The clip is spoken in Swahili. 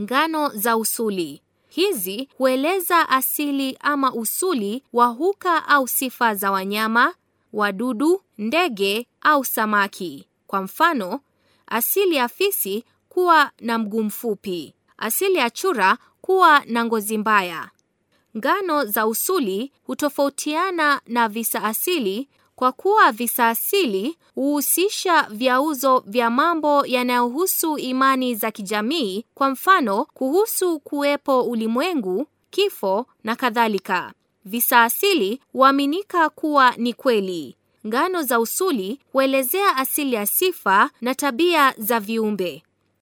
Ngano za usuli. Hizi hueleza asili ama usuli wa huka au sifa za wanyama, wadudu, ndege au samaki. Kwa mfano, asili ya fisi kuwa na mguu mfupi, asili ya chura kuwa na ngozi mbaya. Ngano za usuli hutofautiana na visa asili kwa kuwa visa asili huhusisha vyauzo vya mambo yanayohusu imani za kijamii, kwa mfano, kuhusu kuwepo ulimwengu, kifo na kadhalika. Visa asili huaminika kuwa ni kweli. Ngano za usuli huelezea asili ya sifa na tabia za viumbe.